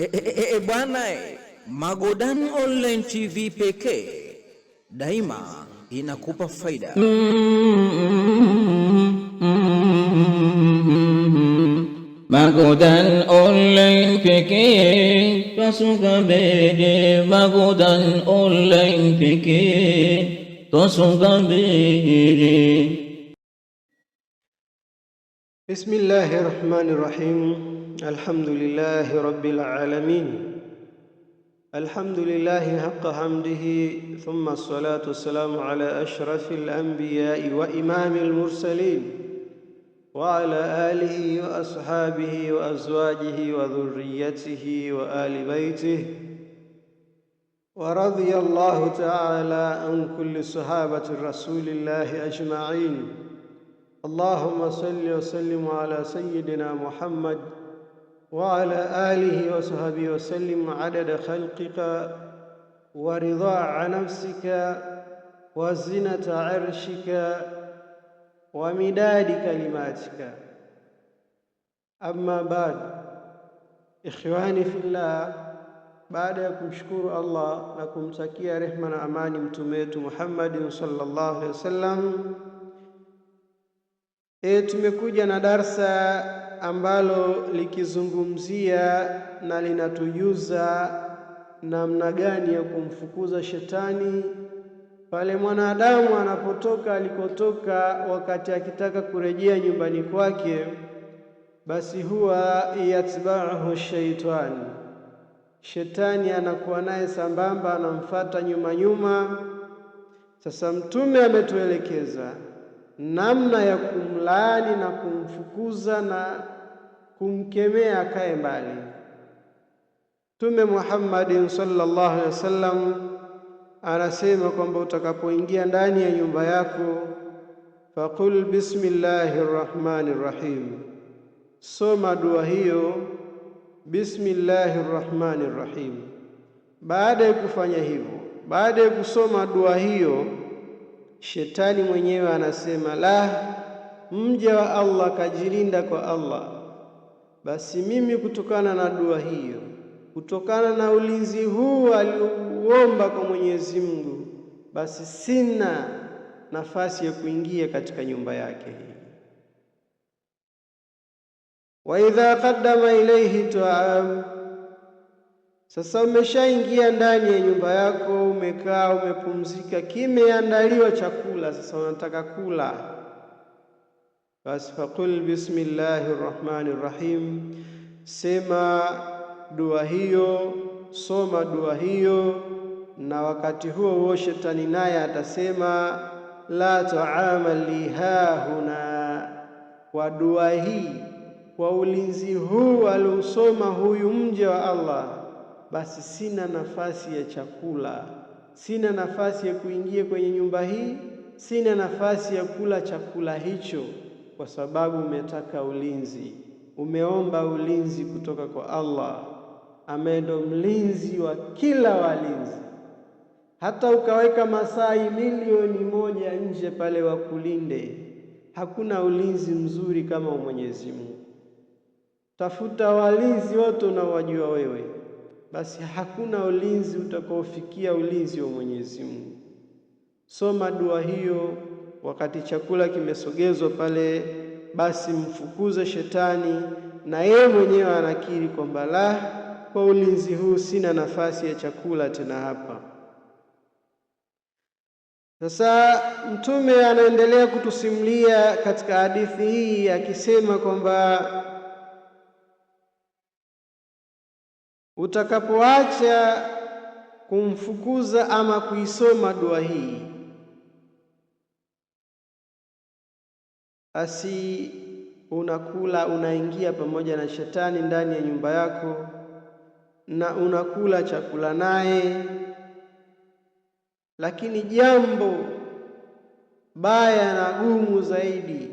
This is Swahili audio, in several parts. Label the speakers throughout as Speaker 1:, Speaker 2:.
Speaker 1: Eh, e, eh, e, eh, eh, bwana e, Magodan Online TV pekee daima inakupa faida.
Speaker 2: Magodan Online pekee tosuka mbele, Magodan Online pekee tosuka mbele.
Speaker 3: Bismillahirrahmanirrahim. الحمد لله رب العالمين الحمد لله حق حمده ثم الصلاة والسلام على أشرف الأنبياء وإمام المرسلين وعلى آله وأصحابه وأزواجه وذريته وآل بيته ورضي الله تعالى عن كل صحابة رسول الله أجمعين اللهم صل وسلم على سيدنا محمد وعلى آله وصحبه وسلم عدد خلقك ورضاع نفسك وزنة عرشك ومداد كلماتك أما بعد إخواني في الله بعد أن شكر الله لكم تكيا رحمة أمان متميت محمد صلى الله عليه وسلم E, tumekuja na darsa ambalo likizungumzia na linatujuza namna gani ya kumfukuza shetani pale mwanadamu anapotoka alikotoka, wakati akitaka kurejea nyumbani kwake, basi huwa yatbaahu shaitani, shetani anakuwa naye sambamba, anamfata nyuma nyuma. Sasa mtume ametuelekeza namna ya kumlaani na kumfukuza na kumkemea akae mbali. Mtume Muhammadin sallallahu alaihi wasallam anasema kwamba utakapoingia ndani ya nyumba yako, faqul bismillahi rahmani rrahim, soma dua hiyo bismillahi rrahmani rrahim. Baada ya kufanya hivyo, baada ya kusoma dua hiyo Shetani mwenyewe anasema, la, mja wa Allah kajilinda kwa Allah. Basi mimi kutokana na dua hiyo, kutokana na ulinzi huu aliuomba kwa Mwenyezi Mungu, basi sina nafasi ya kuingia katika nyumba yake hii. Wa idha qaddama ilayhi ta'am sasa umeshaingia ndani ya nyumba yako, umekaa, umepumzika, kimeandaliwa chakula, sasa unataka kula. Basi faqul bismillahi rahmani rahim sema dua hiyo, soma dua hiyo, na wakati huo huo shetani naye atasema la taama li hahuna. Kwa dua hii, kwa ulinzi huu aliusoma huyu mja wa Allah basi sina nafasi ya chakula, sina nafasi ya kuingia kwenye nyumba hii, sina nafasi ya kula chakula hicho, kwa sababu umetaka ulinzi, umeomba ulinzi kutoka kwa Allah ambaye ndo mlinzi wa kila walinzi. Hata ukaweka masai milioni moja nje pale wakulinde, hakuna ulinzi mzuri kama Mwenyezi Mungu. Tafuta walinzi wote unaowajua wewe basi hakuna ulinzi utakaofikia ulinzi wa Mwenyezi Mungu. Soma dua hiyo wakati chakula kimesogezwa pale, basi mfukuze shetani, na yeye mwenyewe anakiri kwamba la, kwa ulinzi huu sina nafasi ya chakula tena hapa. Sasa Mtume anaendelea kutusimulia katika hadithi hii akisema kwamba Utakapoacha kumfukuza ama kuisoma dua hii, basi unakula unaingia pamoja na shetani ndani ya nyumba yako na unakula chakula naye. Lakini jambo baya na gumu zaidi,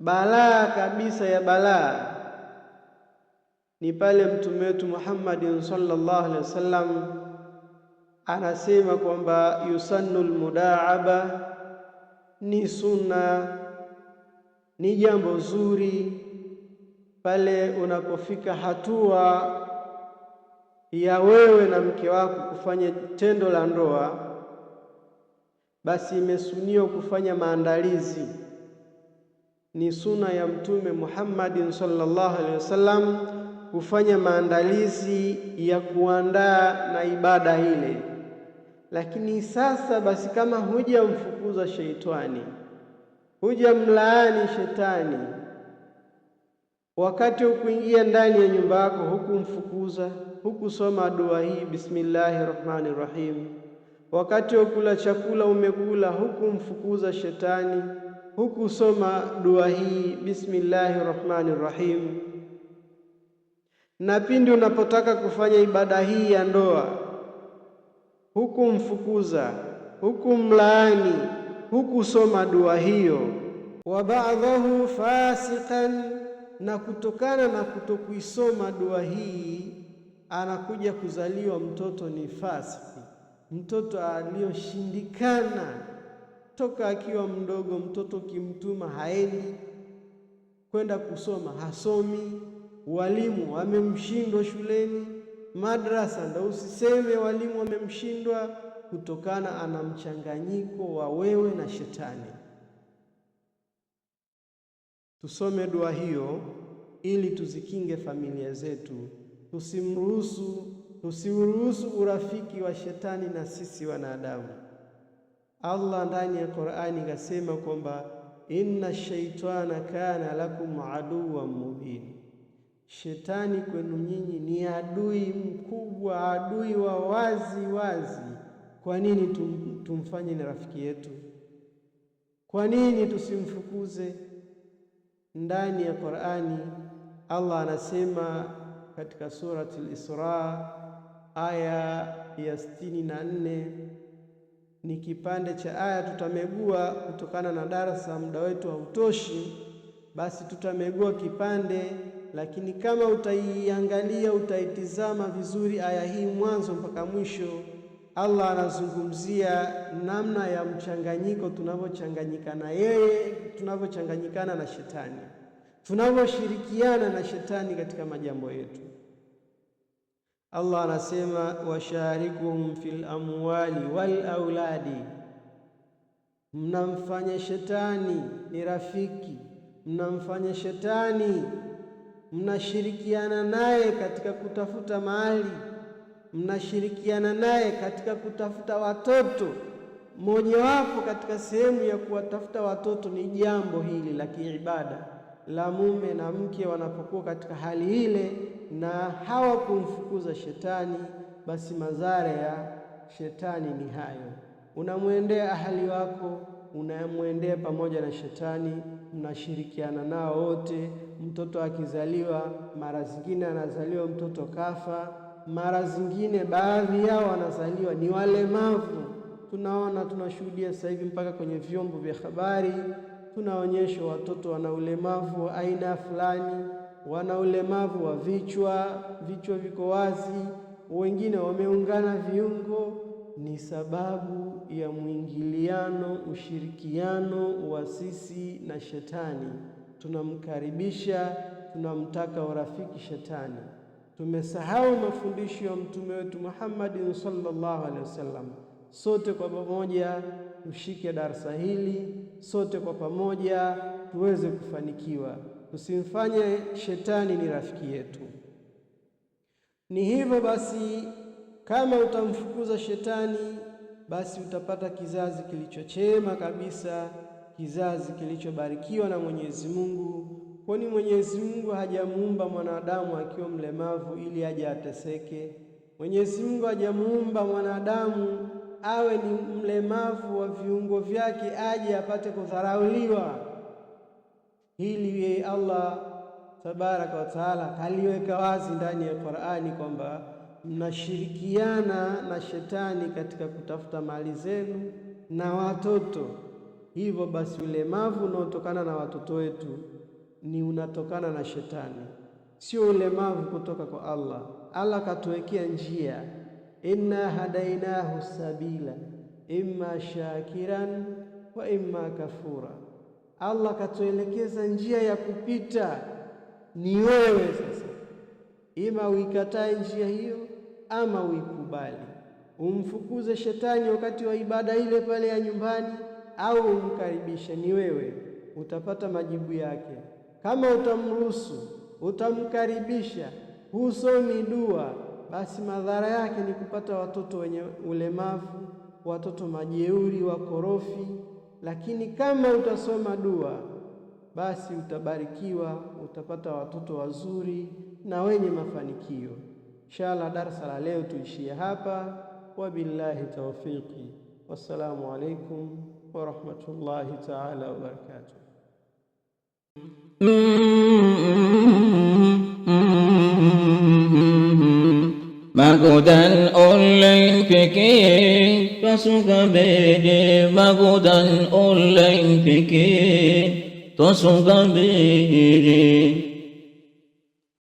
Speaker 3: balaa kabisa ya balaa ni pale mtume wetu Muhammadin sallallahu alaihi wasallam anasema kwamba yusannu almudaaba, ni sunna, ni jambo zuri pale unapofika hatua ya wewe na mke wako kufanya tendo la ndoa, basi imesuniwa kufanya maandalizi. Ni sunna ya Mtume Muhammadin sallallahu alaihi wasallam kufanya maandalizi ya kuandaa na ibada ile. Lakini sasa basi, kama hujamfukuza sheitani, hujamlaani shetani, wakati hukuingia ndani ya nyumba yako, hukumfukuza, hukusoma dua hii bismillahi rahmani rahim, wakati wa chakula umekula, hukumfukuza shetani, hukusoma dua hii bismillahi rahmani rahim na pindi unapotaka kufanya ibada hii ya ndoa, hukumfukuza, hukumlaani, hukusoma dua hiyo. Wa ba'dahu fasikan, na kutokana na kutokuisoma dua hii anakuja kuzaliwa mtoto ni fasiki, mtoto aliyoshindikana toka akiwa mdogo. Mtoto kimtuma haendi kwenda kusoma, hasomi walimu wamemshindwa shuleni, madrasa ndo usiseme walimu wamemshindwa, kutokana ana mchanganyiko wa wewe na shetani. Tusome dua hiyo ili tuzikinge familia zetu, tusimruhusu tusiuruhusu urafiki wa shetani na sisi wanadamu. Allah ndani ya Qur'ani kasema kwamba inna shaitana kana lakum aduwan mubin Shetani kwenu nyinyi ni adui mkubwa, adui wa wazi wazi. Kwa nini tum, tumfanye ni rafiki yetu? Kwa nini tusimfukuze? Ndani ya Qur'ani Allah anasema katika surati al-Isra aya ya sitini na nne ni kipande cha aya tutamegua, kutokana na darasa muda wetu hautoshi, basi tutamegua kipande lakini kama utaiangalia utaitizama vizuri aya hii mwanzo mpaka mwisho, Allah anazungumzia namna ya mchanganyiko tunavyochanganyikana yeye, tunavyochanganyikana na shetani, tunavyoshirikiana na shetani katika majambo yetu. Allah anasema washarikum fil amwali wal auladi, mnamfanya shetani ni rafiki, mnamfanya shetani mnashirikiana naye katika kutafuta mali, mnashirikiana naye katika kutafuta watoto. Mojawapo katika sehemu ya kuwatafuta watoto ni jambo hili la kiibada la mume na mke wanapokuwa katika hali ile na hawakumfukuza shetani, basi madhara ya shetani ni hayo. Unamwendea ahali wako, unamwendea pamoja na shetani mnashirikiana nao wote. Mtoto akizaliwa, mara zingine anazaliwa mtoto kafa, mara zingine baadhi yao wanazaliwa ni walemavu. Tunaona, tunashuhudia sasa hivi mpaka kwenye vyombo vya habari tunaonyeshwa watoto wana ulemavu wa aina fulani, wana ulemavu wa vichwa, vichwa viko wazi, wengine wameungana viungo ni sababu ya mwingiliano, ushirikiano wa sisi na shetani. Tunamkaribisha, tunamtaka urafiki shetani. Tumesahau mafundisho ya mtume wetu Muhammadin sallallahu alaihi wasallam. Sote kwa pamoja tushike darsa hili, sote kwa pamoja tuweze kufanikiwa, tusimfanye shetani ni rafiki yetu. Ni hivyo basi kama utamfukuza shetani, basi utapata kizazi kilichochema kabisa, kizazi kilichobarikiwa na Mwenyezi Mungu, kwani Mwenyezi Mungu hajamuumba mwanadamu akiwa mlemavu ili aje ateseke. Mwenyezi Mungu hajamuumba mwanadamu awe ni mlemavu wa viungo vyake aje apate kudharauliwa. Hili yeye Allah tabaraka wa taala aliweka wazi ndani ya Qur'ani kwamba mnashirikiana na shetani katika kutafuta mali zenu na watoto. Hivyo basi ulemavu unaotokana na watoto wetu ni unatokana na shetani, sio ulemavu kutoka kwa Allah. Allah katuwekea njia, inna hadainahu sabila imma shakiran wa imma kafura. Allah katuelekeza njia ya kupita, ni wewe sasa, ima uikatae njia hiyo ama uikubali, umfukuze shetani wakati wa ibada ile pale ya nyumbani au umkaribishe, ni wewe utapata majibu yake. Kama utamruhusu, utamkaribisha, husomi dua, basi madhara yake ni kupata watoto wenye ulemavu, watoto majeuri, wakorofi. Lakini kama utasoma dua, basi utabarikiwa, utapata watoto wazuri na wenye mafanikio. Inshallah darasa la leo tuishie hapa, wabillahi tawfiqi, wassalamu alaikum warahmatullahi taala
Speaker 2: wabarakatuh.